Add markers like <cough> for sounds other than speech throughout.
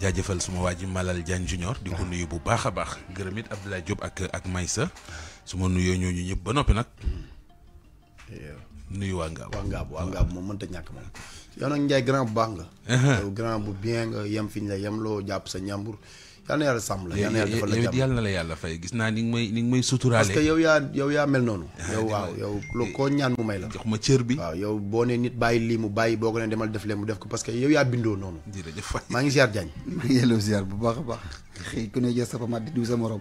jajeufal suma waji Malal Jan junior di ko nuyu bu baakha a baax gërëm it Abdoulaye job ak ak Maysa suma nuyo ñoo ñu ñepp ba nopi nak nuyu nga wa nga bu wa nga mo meunta ñak mom yow nak grand bu baax nga uh-huh. grand bu bien nga yam fiñ la yam lo japp sa ñambur yal na yàlla sàmm la yal na la yàlla fay gis naa ni ngi may ni ngi may suturaale parce que yow yaa yow yaa mel noonu ah, yow waaw yow eh, lu koo ñaan mu may la jox ma cër bi waaw yow boo ne nit bàyyi lii mu bàyyi boo ko ne demal def leen mu def ko parce que yow yaa bindoo noonu jërëjëf maa ngi ziar Diagne <laughs> maa ngi bu baax a baax xëy ku ne jox sa pamaat di diw sa morom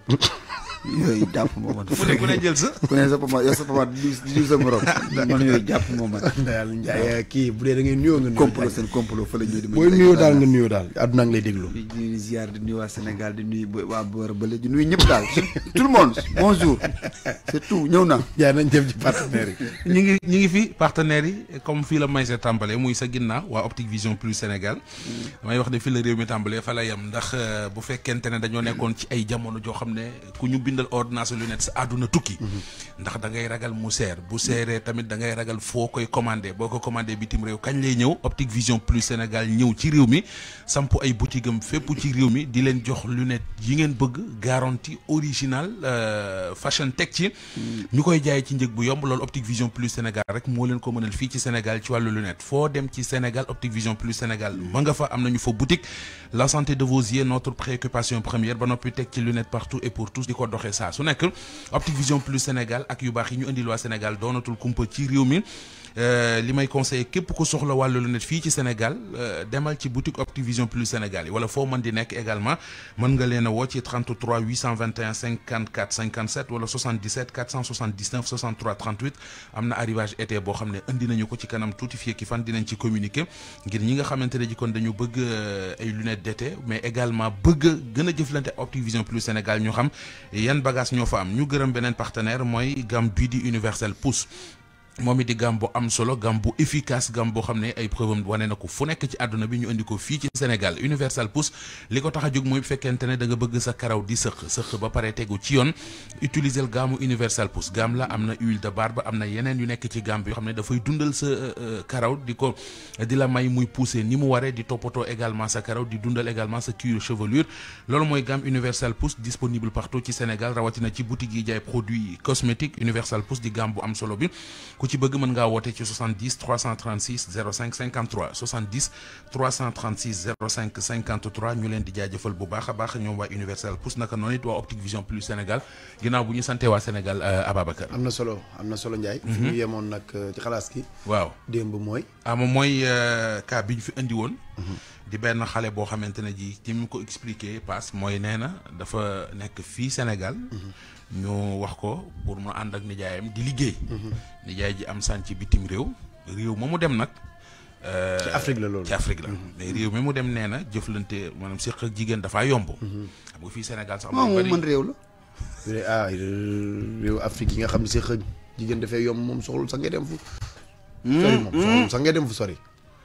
yooyu jàpp moo man ku ne ku ne jël sa ku ne sa pama yow sa pama di diw sa morom <laughs> man yooyu jàpp moo man daal njaay eh, kii bu dee da ngay nuyoo nga complot seen complot fa la ñëw di booy nuyoo daal nga nuyoo daal àdduna ngi lay déglu di nuyu ziar di nuyu waa Sénégal di nuyu waa boor bële di nuyu ñëpp daal tout le monde bonjour c'est tout ñëw naa jaay nañ jëm ci partenaires yi <laughs> ñu ngi ñu ngi fi partenaires yi comme fii la may sa tàmbale muy sa ginnaaw waa Optique Vision Plus Sénégal mm. damay wax ne fii la réew mi tàmbale fa la yem ndax euh, bu fekkente ne dañoo nekkoon ci ay jamono joo xam ne ku ñu bindal ordonnance lunettes sa tukki ndax da ngay ragal mu seer bu seeree tamit da ngay ragal foo koy commandé boo ko bitim lay Optique Vision Plus Sénégal ñew ci rew mi samp ay boutique fepp fait ci rew mi di lunettes jox lunette yi ngeen bëgg garantie original euh, fashion tech ci ñukoy jaay ci njëg bu yomb Optique Vision Plus Sénégal rek moulin len ko mënal fi ci Sénégal ci walu lunettes lunettes dem ci Sénégal Optique Vision Plus Sénégal mangafa nga fa am nañu boutique la santé de vos yeux notre préoccupation première ba peut-être ci lunettes partout et pour tous di ko doxee ça su nekk Vision Plus Sénégal ak yu bax yi ñu Sénégal dont kumpa ci réew mi euh, li may conseiller képp ku soxla walu lunette fi ci Sénégal euh, demal ci boutique Optivision Plus Sénégal wala fo man di nek également man nga leen wo ci 33 821 54 57 wala 77 479 63 38 amna arrivage été bo xam ne nañu ko ci kanam touti fi ki fan dinañ ci communiquer ngir ñi nga xamantene ne ji kon dañu bëgg euh, ay lunettes d'été mais également bëgg gën a jëflante Optivision Plus Sénégal ñu xam yan bagage ñoo fa am ñu gërëm benen partenaire moy gamme bii Universel Pouce moi it gambo am solo gambo efficace gambo xamné ay preuve am wane na ko fu nekk ci aduna bi ñu ko ci Sénégal Universal Pousse liko ko tax a jóg mooy da nga bëgg sa karaw di sëq sëq ba pare tegu ci yoon utiliser gamu Universal Pousse gam la amna huile de barbe amna yenen yu nek ci gaam xamné da fay dundal sa euh, euh, karaw di ko di la may muy pousser ni mu waré di topoto également sa karaw di dundal également sa cuir chevelure loolu moy gamme Universal Pousse disponible partout ci Sénégal na ci boutique yi jay produits cosmétiques Universal Pousse di gambo am solo bi ci bëgg mën ngaa woote ci 70 336 05 53 70 336 05 53 ñu leen di jaajëfal bu baax a baax ñoom waa Universal Pousse naka noonu it Optique Vision Plus Sénégal ginnaaw bu ñu sante waa Sénégal euh, Ababacar. am na solo am na solo à mhm. fi ñu yemoon nag euh, ci xalaas ki waaw démb mooy. ah moom mooy euh, cas bi ñu fi indi woon. Mhm di benn xale boo xamante ne ji ci mu ko expliquer passe que mooy nee na dafa nekk fii Sénégal. Mm-hmm. ñu wax ko pour mu ànd ak nijaayam di liggéey. Mm-hmm. nijaay ji am sànc bitim réew. réew ma mu dem nag. Euh, ci Afrique la loolu ci Afrique la. Mm-hmm. mais réew mi mu dem nee na jëflante maanaam séq ak jigéen dafa yomb. xam nga fii Sénégal sax. moom mën réew la. <laughs> Eh, ah euh, réew Afrique yi nga xam ne séq ak jigéen dafay yomb moom soxlu sa ngay dem fu. sori moom soxlu sax nga dem fu sori.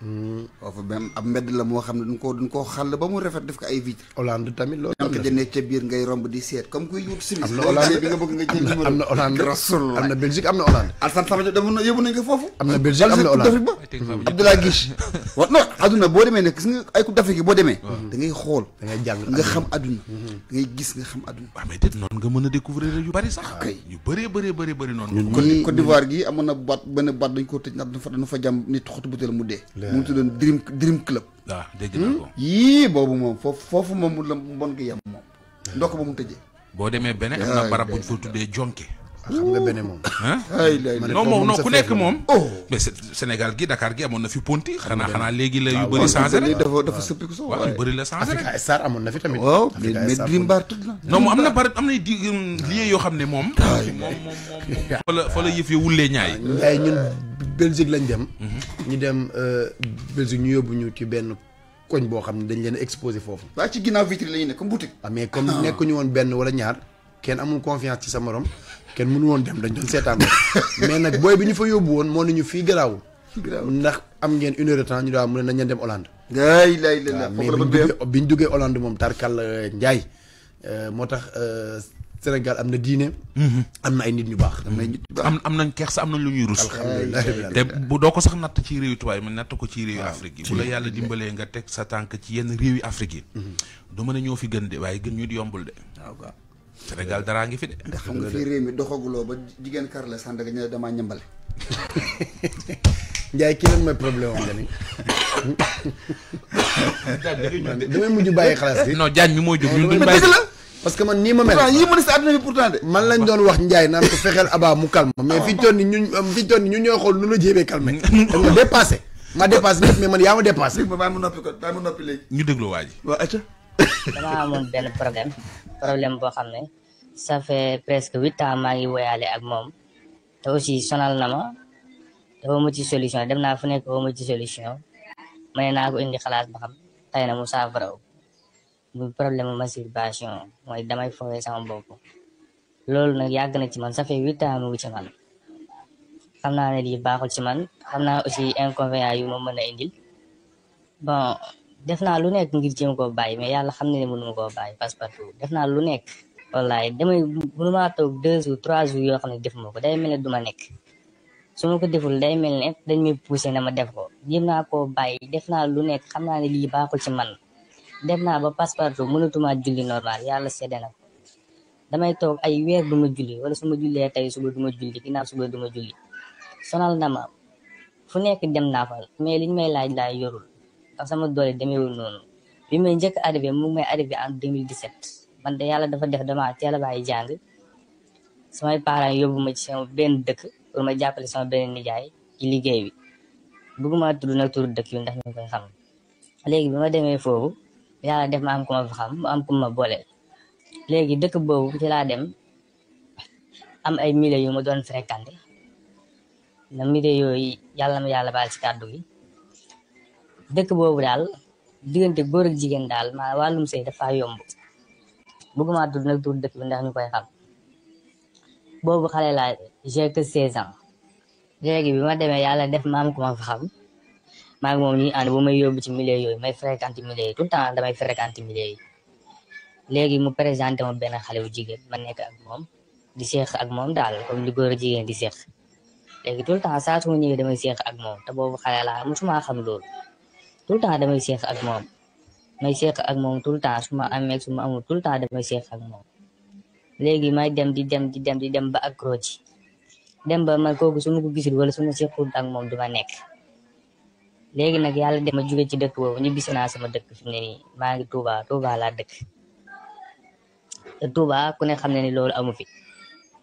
foofu même ab mbedd la moo xam ne duñ ko duñ koo xàll ba mu rafet def ko ay vitre Hollande tamit loolu am na jëndee di comme kuy wut service am na na Hollande rasul am boo demee ne gis nga ay coupe d'Afrique yi boo hmm. xool da ngay jàng nga hmm. mën a découvrir yu bëri sax kay yu bëree bëree bëri bëri noonu Côte d'Ivoire gi amoon na baat benn baat dañ koo tëj ndax dañu fa fa jàm nit xotu butéel mu dee mu ngi tuddoon Dream Dream Club. waaw ah, dégg naa ko. Hmm? yii boobu moom foofu foofu mu la mbon gi yem moom. Hmm. ndokk ba mu tëjee. boo demee beneen am na barab bu ñu ko tuddee jonke. xam nga beneen moom. non moom non ku nekk moom. Oh. mais Sénégal gi Dakar gi amoon na fi ponti xanaa xanaa léegi la ah, la changé rek Afrika Star amoon na fi tamit. waaw mais Dream Bar tudd na. non moom am na bari am na um, yoo xam ne ah, moom. moom moom moom fa la la yëf yi wulee ñaay. ñun Belgique lañ dem. Mhm. ñu dem euh, Belgique ñu yóbbu ñu ci benn koñ boo xam ne dañ leen exposé foofu. waa ci ginnaaw vitrine la ñu ne comme boutique. ah mais comme ah. nekkuñu woon benn wala ñaar kenn amul confiance ci sa morom kenn mënu woon dem dañ doon seetaan <laughs> mais nag booy bi ñu fa yóbbu woon moom nañu fii garaawul. ndax am ngeen une heure de temps ñu daa mu ne nañ dem Hollande. ay lay lay ah, bi ñu duggee Hollande moom tarkal euh, Njaay euh, moo tax. Sénégal amna diiné amna ay nit ñu baax. am am nañ am lu ñuy russ té te bu doo ko sax nat ci réew tubaab yi mais natt ko ci réew Afrique bu la yalla dimbalé nga tek sa tank ci yenn réew yi Afrique yi. Mhm. du mëna ñofi gën dé waaye gën ñu di yombul de. Sénégal daraa nga fi de. xam nga réew mi ba ñu <laughs> lan problème am <laughs> <laughs> xalaas non mi parce que man nii ma mel. pourtant yii mën si àdduna bi pourtant de. man lañ doon wax Ndiaye naan ko fexeel Aba mu calme. mais ah. fi ñu toll nii ñun euh, fi ñu toll nii ñun ñoo xool nu la jéemee calme. dañ ma dépassé. ma dépassé nag mais man yaa ma dépassé. dégg nga bàyyi ma noppi ko bàyyi ma noppi léegi. ñu déglu waa ji. waaw acca. damaa amoon benn problème problème boo xam ne ça fait presque huit ans maa ngi woyaale ak moom te aussi sonal na ma te ci solution dem fu ci solution ne ko indi xalaat ba xam na mu bu problème masturbation mooy damay fowee sama bopp loolu nag yàgg na ci man ça fait huit ci man xam naa ne lii baaxul ci man xam naa aussi inconvénient yu ma mën a indil bon naa lu nekk ngir jéem bàyyi mais yàlla xam ne mënuma koo bàyyi passe partout def naa lu nekk wallaay damay mënumaa toog deux jours trois jours yoo xam ne def moo ko day mel ne duma nekk su ko deful day mel ne dañ may poussé na ma def ko jéem naa koo bàyyi def naa lu nekk xam naa ne lii baaxul ci man dem naa ba passe-partout mënatuma julli normal yàlla sedde na damay toog ay weer du ma julli wala su ma jullee tey suba du ma julli ginnaaw suba du ma julli sonal na ma fu nekk dem naa fa mais liñ may laaj laay yorul ndax sama doole demewul noonu bi may njëkk arrivé mu ngi may arrivé en 2017 man de yàlla dafa def dama teel a bàyyi jàng samay parents yóbbu ma ci sama benn dëkk pour ma jàppale sama benn nijaay ci liggéey bi bëgguma tudd nag tur dëkk ma demee foofu yàlla def ma am ku ma fa xam am ku ma léegi dëkk boobu ci laa dem am ay milieu yu ma doon fréquenté na milieu yooyu yàlla ma yàlla baal ci kàddu gi dëkk boobu daal diggante góor ak jigéen daal maa wàllum sëy dafa yomb bëgguma tudd nag tudd dëkk bi ndax ñu koy xam boobu xale laa seize ans léegi bi ma demee yàlla def ma am ku xam maa ngi moom ñuy ànd bu may yóbbu ci milieu yooyu may fréquenté milieu yi tout a temps damay fréquenté milieu léegi mu présenté ma benn xale jigéen ma nekk ak moom di seex ak moom daal comme góor jigéen di seex léegi tout le temps saa su ma damay seex ak moom te boobu xale laa musuma xam loolu tout le temps damay seex ak moom may seex ak moom tout le temps su ma amee su ma amul tout le temps damay seex ak moom léegi may dem di dem di dem di dem ba ak ci dem ba man kooku su ma ko gisul wala su ma ak moom du ma nekk. legi nak yalla dem ma ci dekk bobu ñu naa sama dekk fi ne ni ma ngi Touba Touba la dekk te Touba ku ne xamne ni loolu amu fi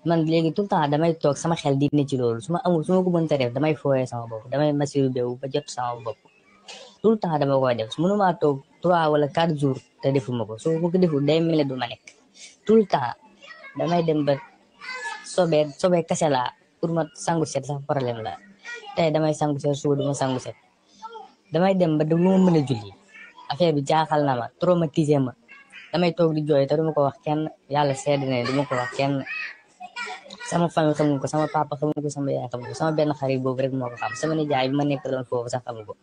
man legi tout temps damay tok sama xel di ne ci loolu suma amu suma ko mënta def damay fooyee sama bop damay masiru beewu ba jot sama bop tout temps dama koy def mënumaa tok 3 wala 4 jours te defuma ko su ko defu day melé du ma nek tout temps damay dem ba sobe sobe kassela pour ma sangu set sax problème la tay damay sangu set suba du sangu set damay dem ba du ma mën a julli affaire bi jaaxal na ma traumatisé ma damay toog di jooy te du ma ko wax kenn yàlla seede na du ma ko wax kenn sama famille xamu ko sama papa xamu ko sama yaay xamu ko sama benn xarit boobu rek moo ko xam sama nijaay bi ma nekkaloon foofu sax xamu ko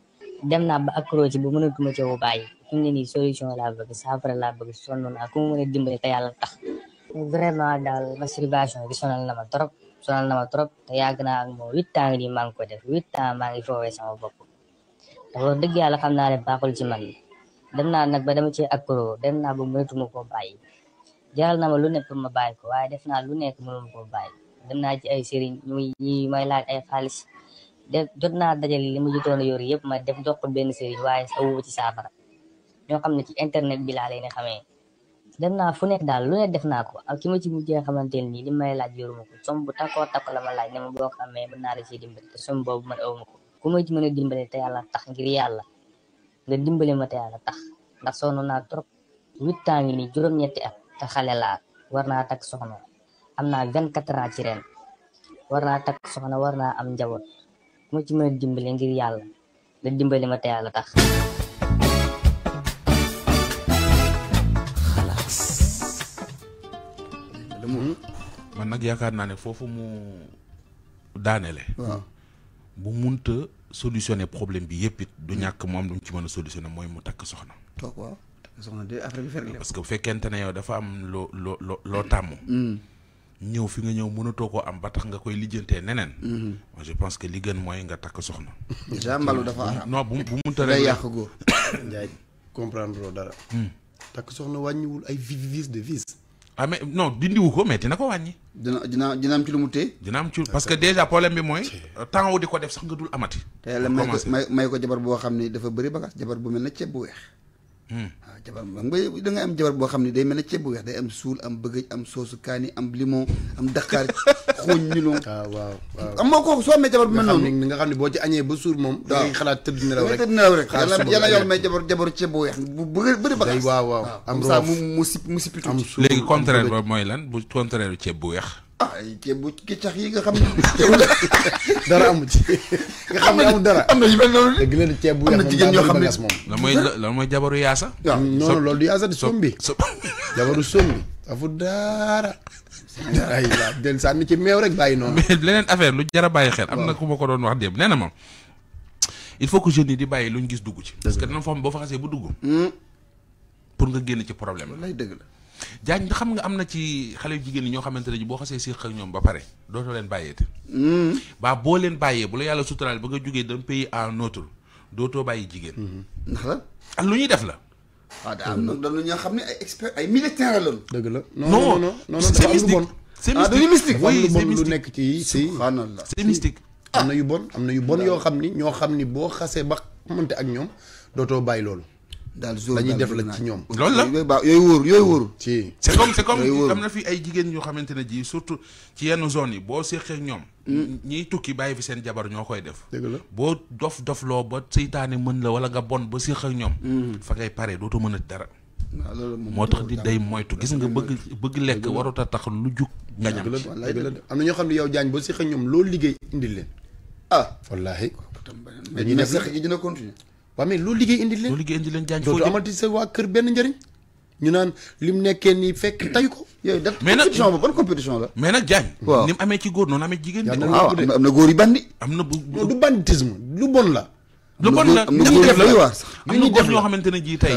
dem naa ba accro ci bu mënatuma wu bàyyi fi mu ne nii solution laa bëgg saafara laa bëgg sonn dimbali te yàlla tax vraiment daal masturbation bi sonal na ma trop sonal na ma yàgg naa ak moom huit ans nii maa ngi ko def huit ans bopp ndax wax dëgg yàlla xam naa ne baaxul ci man dem naa nag ba dama ci accro dem naa ba mënatuma koo bàyyi jaral na ma lu nekk ma bàyyi ko waaye def naa lu nekk mënuma koo bàyyi dem naa ci ay sëriñ muy ñi may ay xaalis de jot naa dajale li ma jotoon yor yëpp ma def jox benn sëriñ waaye awuma ci saafara ñoo xam ne ci internet bi laa leen xamee dem naa fu nekk daal lu ne def naa ko ak ki ma ci mujjee xamante ne nii li may laaj yoruma ko som bu takkoo takko la ma laaj ne ma boo ko amee mën naa la ci dimbali te som boobu man awuma ko ku ma ci mën a dimbale te tax ngir yalla nga dimbale ma ta yalla tax ndax sonu na trop 8 ans ni jurom ñetti at ta xalé la warna tak soxna amna naa vingt ans ci ren warna tak soxna warna am jabo ku ma ci mën a ngir yalla da dimbale ma ta yalla tax xalaas man nak yakarna ne fofu mu daanele waaw ah. bu munta solutionner problème bi yëpp du ñàkk mu am lu ci mëna a solutionner mooy mu tak soxna. toog waaw takk soxna après bi fer parce que bu fekkente ne yow dafa am lo lo lo loo tàmm. Mm. ñëw fi nga ñëw mënatoo koo am ba tax nga koy lijjantee neneen. Mm-hmm. moi je pense que li gën moy nga tak soxna. déjà mbalu dafa araam non bu bu munta rek day go góor. <coughs> comprendre loo dara. Mm. tak soxna wàññiwul ay vis de vis ah mais non dindiwu ko mais dina ko wàññi. dina dina dina am ci lu mu téye. dina am ci parce que déjà problème bi mooy. temps wu di ko def sax nga dul amati. te yàlla may ko may ko jabar boo xam ne dafa bëri bagage jabar bu mel ne ceeb bu weex. waaw ah, jabar xam nga da nga am jabar boo xam ne day mel ne ceeb bu weex day am suul am bëggëj am soosu kaani am limon am daqaar <laughs> xooñ ñu ah, waaw waaw am moo ko soo amee jabar bu mel noonu nga xam ne boo ci añee ba suur moom da ngay xalaat tëdd nelaw rek tëdd nelaw rek ah, yàlla yàlla yor may jabar jabaru ceeb bu waaw am saa mu mu si mu sipitu léegi contraire ba mooy lan bu contraire ceeb bu weex ay ah ceebu kecax yi nga xam ne. <laughs> dara amu ci. xam ne amul dara am na yu mel noonu. la ceeb bu am na jigéen ñoo xam ne lan mooy lan mooy jabaru yaasa. Ah, waaw loolu du yaasa di sombi. <laughs> jabaru sombi. afu daara. <laughs> ay la del sànni ci meew rek bàyyi noonu. mais leneen affaire lu jara bàyyi xel. am na ku ma ko doon wax démb nee na ma. il faut que jeunes yi di bàyyi luñ gis dugg ci. parce que dina foo xam boo fa xasee bu dugg. Hmm. pour nga génn ci problème la. lay dëgg la. Diagne xam nga am na ci xale yu jigéen ñi ñoo xamante ne boo xasee séq ak ñoom ba pare dootoo leen bàyyeete. Hmm. baa boo leen bàyyee bu la yàlla suturaal ba nga jógee d'un pays à dootoo bàyyi jigéen. Hmm. ndax la. ak ah, lu ñuy def la. waaw ah, daa am na xam ne ay ay militaires lañu. la non non non non dafa am lu bon ah dañu lu nekk ci si. subhanallah c'est mystique. am na yu bon am na yu bon ah. yoo xam ni ñoo xam ni boo xasee ba xamante ak ñoom dootoo bàyyi loolu. daal jour dañuy def la ci ñoom. loolu la yooyu baax yooyu wóor yooyu wóor. ci c'est comme am na fi ay jigéen yoo xamante ne ji surtout ci yenn zone yi boo seexee ñoom. Hmm. ñiy tukki bàyyi fi seen jabar ñoo koy def. dëgg la boo dof loo ba seytaane mën la wala nga bon ba seex ñoom. Hmm. fa ngay pare dootu mën a dara. moo tax di day moytu gis nga bëgg bëgg lekk warut tax lu jug. nga ñam am na ñoo xam ne yow jaañ ba seex ak ñoom loolu liggéey indil leen. ah wallaahi. dañuy def sax dina continuer waa mais loo liggéey indi leen loo liggéey indi leen jaañ foo amati sa waa kër benn njëriñ ñu naan lim nekkee nii fekk tay ko. yooyu def compétition ba ban compétition la. mais nag jaañ. waaw ni mu amee ci góor noonu amee jigéen. yaa ah, am na góor yu bandi. am na bu du banditisme lu bon la. lu bon la ñuy def la am na góor ñoo xamante ne jii tey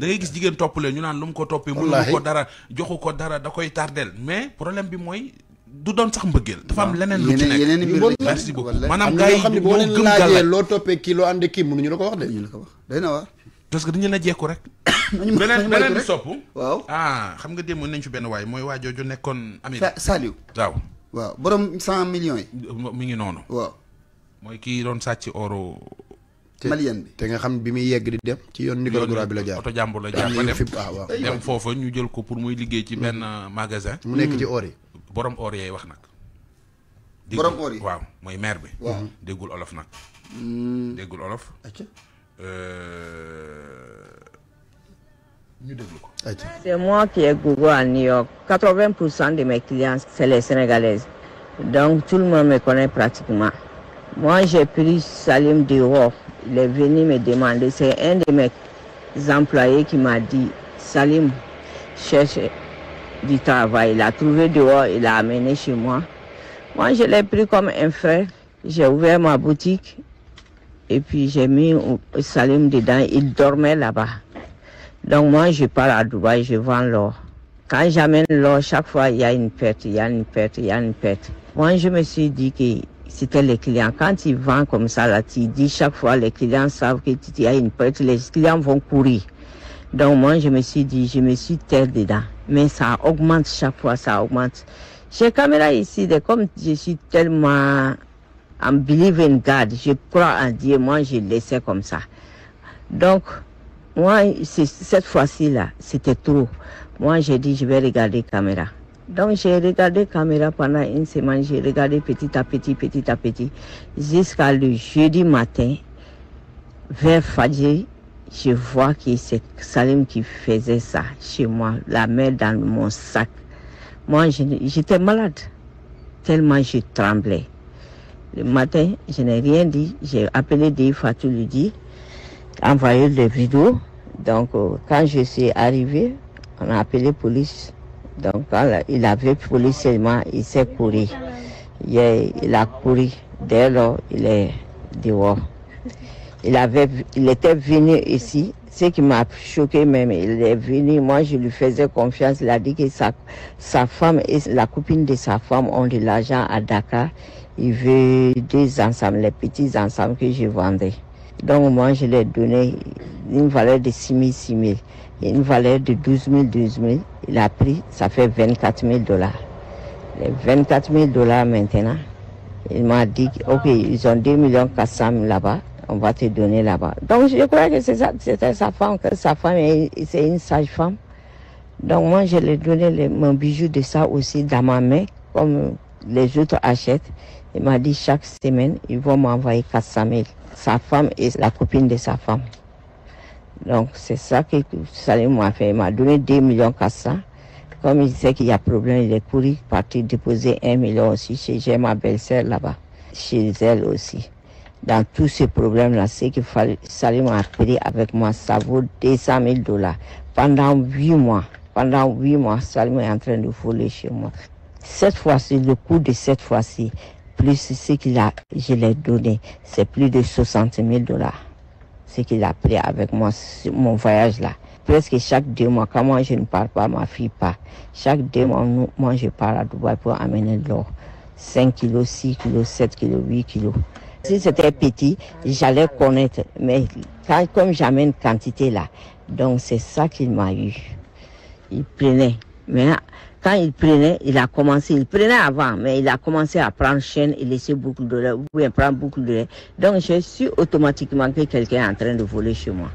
da gis jigéen topp leen ñu naan lu mu ko toppee. mënu ko dara joxu ko dara da koy tardel mais problème bi mooy du doon sax mbëggeel dafa am leneen lu ci nekk yeneen yeneen mbir merci beaucoup ne boo leen laajee loo toppee kii loo ànd kii mënuñu la ko wax de ñu la ko wax day na que dañu la jekku rek <coughs> beneen bi sopp waaw ah xam nga démb nañ fi benn waay mooy waa jooju nekkoon ami Saliou waaw waaw borom cent million yi mi ngi noonu waaw mooy kii doon sàcc oro malien bi te nga xam bi muy yegg di dem ci yoon Nicaragua bi la jaar oto jàmbur la jaar ba ah, dem foofa ñu jël ko pour muy liggéey ci benn mm. magasin mu nekk ci mm. or yi c'est moi qui ai Google à New York. 80 de mes clients c'est les Sénégalaises. Donc tout le monde me connaît pratiquement. Moi, j'ai pris Salim Durof, Il est venu me demander. C'est un de mes employés qui m'a dit, Salim, cherche du travail. Il a trouvé dehors, il l'a amené chez moi. Moi, je l'ai pris comme un frère. J'ai ouvert ma boutique et puis j'ai mis un Salim dedans. Il dormait là-bas. Donc moi, je pars à Dubaï, je vends l'or. Quand j'amène l'or, chaque fois, il y a une perte, il y a une perte, il y a une perte. Moi, je me suis dit que c'était les clients. Quand ils vendent comme ça, là, tu dis chaque fois, les clients savent que y a une perte, les clients vont courir. Donc moi, je me suis dit, je me suis tellement dedans. Mais ça augmente chaque fois, ça augmente. J'ai Caméra ici, comme je suis tellement en believe in God, je crois en Dieu, moi je laissais comme ça. Donc, moi, cette fois-ci là, c'était trop. Moi, j'ai dit, je vais regarder Caméra. Donc j'ai regardé caméra pendant une semaine, j'ai regardé petit à petit, petit à petit, jusqu'à le jeudi matin, vers Fadji, je vois que c'est Salim qui faisait ça chez moi, la main dans mon sac. Moi, j'étais malade, tellement je tremblais. Le matin, je n'ai rien dit. J'ai appelé des fois Fatou dit, envoyé des vidéos. Donc, euh, quand je suis arrivé, on a appelé la police. Donc, quand il avait police seulement, il s'est couru. Il, a couru. Dès lors, il est dehors il, était venu ici. Ce qui m'a choqué même, il est venu, moi je lui faisais confiance, il a dit que sa, femme et la copine de sa femme ont de l'argent à Dakar. Il veut des ensembles, les petits ensembles que je vendais. Donc moi je lui ai donné une valeur de 6 000, 6 000, et une valeur de 12 000, 12 000. Il a pris, ça fait 24 000 dollars. Les 24 000 dollars maintenant, il m'a dit, ok, ils ont 2 400 000 là-bas on va te donner là-bas. Donc je crois que c'était sa femme, que sa femme c'est une sage-femme. Donc moi je lui ai donné mon bijou de ça aussi dans ma main, comme les autres achètent. Il m'a dit chaque semaine, ils vont m'envoyer 400 000. Sa femme et la copine de sa femme. Donc c'est ça que Salim m'a fait. Il m'a donné 2 millions 400. Comme il sait qu'il y a problème, il est couru parti déposer 1 million aussi chez ma belle-sœur là-bas, chez elle aussi dans tous ces problèmes-là, c'est qu'il fallait, Salim a pris avec moi, ça vaut 200 000 dollars. Pendant huit mois, pendant huit mois, Salim est en train de voler chez moi. Cette fois-ci, le coût de cette fois-ci, plus ce qu'il a, je l'ai donné, c'est plus de 60 000 dollars. Ce qu'il a pris avec moi, sur mon voyage-là. Presque chaque deux mois, quand moi je ne parle pas, ma fille pas? Chaque deux mois, moi je parle à Dubaï pour amener de l'or. 5 kilos, 6 kilos, 7 kilos, 8 kilos c'était petit, j'allais connaître. Mais quand, comme j'avais une quantité là, donc c'est ça qu'il m'a eu. Il prenait. Mais quand il prenait, il a commencé, il prenait avant, mais il a commencé à prendre chaîne et laisser beaucoup de lait, ou bien prendre beaucoup de lait. Donc je suis automatiquement que quelqu'un est en train de voler chez moi.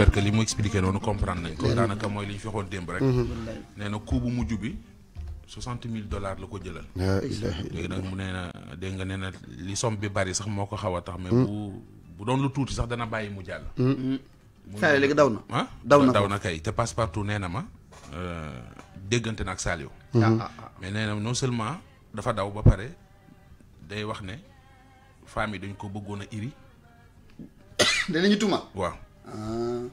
j'espère que li mu expliqué noonu comprendre nañ ko daanaka mooy li ñu fi waxoon démb rek mhm. nee na coût bu mujj bi soixante mille dollars la ko jëlal léegi nag mu nee na dégg nga nee na li somme bi bari sax moo ko xaw a tax mais hmm. bu doon lu tuuti sax dana bàyyi mu jàll hmm. hmm. saale léegi daw na ah daw na daw na kay te passe partout nee na ma euh, déggante na ak Saliou ah, ah, ah. mais nee na non seulement dafa daw ba pare day wax ne femmes yi dañ ko bëggoon a iri <coughs> danañu tuma waaw Ah.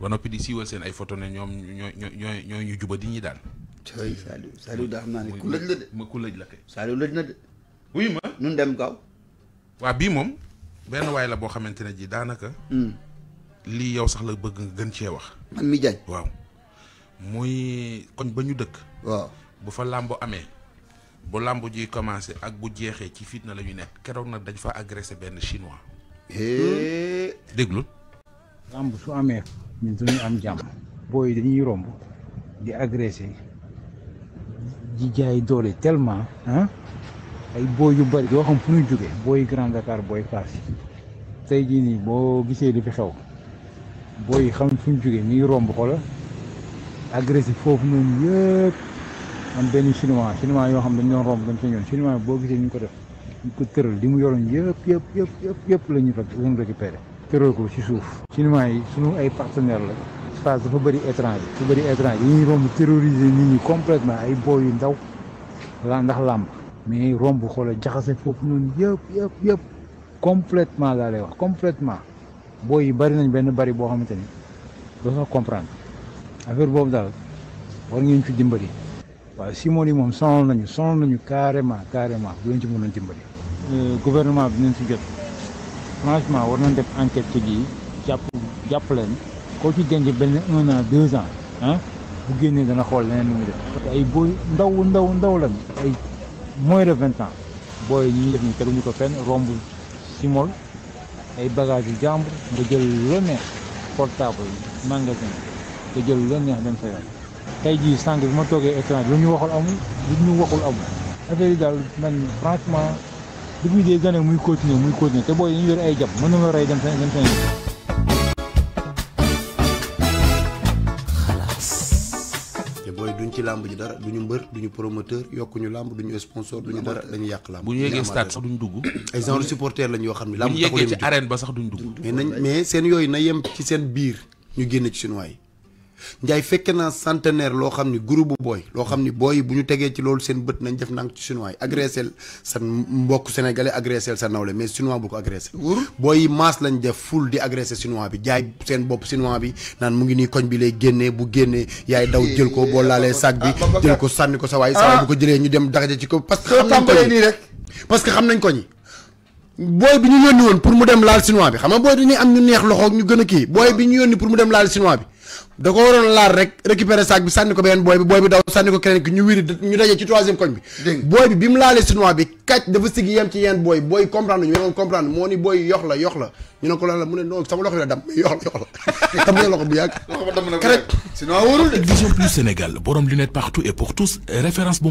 ba noppi di siiwal seen ay photo ne ñoom ñoo ñooy ñu juba di ñi daan cooy Saliou Saliou daa xam naa ne ku lëj la de. ma ku lëj la kay. Saliou lëj na de. wuyu ma nun dem gaaw. waa bii moom benn waay la boo xamante ne ji daanaka. Hmm. lii yow sax la bëgg nga gën cee wax. man mi jañ waaw. muy koñ ba ñu dëkk. waaw bu fa làmb amee. bu làmb ji commencé ak bu jeexee ci fitna la ñu nekk keroog nag dañ fa agressé benn chinois. déglul. làmb su amee ñun duñu am jàmm booy dañuy romb di agressé di jaay doole tellement ah ay booy yu bari doo xam fu ñu jógee booy Grand Dakar booy Fass tey jii nii boo gisee li fi xew booy xam fu ñu jóge ñuy romb xoola agressé foofu noonu yëpp am benn chinois chinois yoo xam dañ doon romb dañ ko ñoon chinois boo gisee ñu ko def ñu ko tëral li mu yoroon yëpp yëpp yëpp yëpp yëpp la ñu fekk lañ tëral ko ci suuf chinois yi sunu ay partenaire la Fass bari bëri étranger dafa bëri étranger yi ñu romb terroriser nit ñi complètement ay boo yu ndaw la ndax làmb mais romb xoolal jaxase foofu noonu yëpp yëpp yëpp complètement laa lay wax complètement boo yi bëri nañ benn bëri boo xamante ni doo sax boobu daal war ngeen ci dimbali waaw Simon yi moom sonal nañu sonal nañu carrément carrément du leen ci mën a dimbali euh, gouvernement bi nañ si jot franchement war na def enquête ci lii jàpp jàpp leen koo ci denc benn un an deux ans ah bu génnee dana xool leneen nu muy def parce que ay booy ndaw ndaw ndaw lan ay moins de vingt ans booy ñu ngi def ni ñu ko fenn romb simol ay bagage yu jàmbur nga jël lu neex portable magasin nga jël lu neex dem sa yoon tey ji sànq bi ma toogee étranger lu ñu waxul amul lu ñu waxul amul affaire yi daal franchement depuis des années muy continuer muy continuer te booy yi ñu yor ay jàpp mën na la rey dem seen dem seen xalaas te booy duñ ci làmb ji dara duñu mbër duñu promoteur yokkuñu làmb duñu sponsor duñu dara dañu yàq làmb bu ñu yeggee stade sax duñ dugg ay genre supporter lañ yoo xam ne làmb taxu leen ci arène ba sax duñ dugg mais nañ mais seen yooyu na yem ci seen biir ñu génn ci chinois yi Ndiaye fekke naa centenaire loo xam ni groupe booy loo xam ni booy bu ñu tegee ci loolu seen bët nañ def ndànk ci chinois yi agressel sa mbokk sénégalais agressel sa nawle mais chinois bu ko agressé booy yi maas lañ def ful di agressé chinois bi jaay seen bopp chinois bi naan mu ngi nii koñ bi lay génnee bu génnee yaay daw jël ko boo laalee sac bi ah, jël ko sànni ko sa waay sa waay bu ko jëlee ñu dem daxaje ci ko parce que xam nañ ko nii rek parce que ko ñi booy bi ñu yónni woon pour gën a kii booy bi ñu yónni pour laal chinois bi da ko l'a rek récupérer sac bi sànni ko boy boy bi daw un ko keneen ñu wiri ñu dajé ci troisième koñ bi Boy bi bim laalé laalee bi kàcc dafa sigi yem ci yeen boy boy, comprendre ñu ne comprendre moo ni boy yox la yox la ñu ne ko mu ne non sama loxo la dam <laughs> yox la yox la Vision Plus Sénégal borom lunette partout et pour tous référence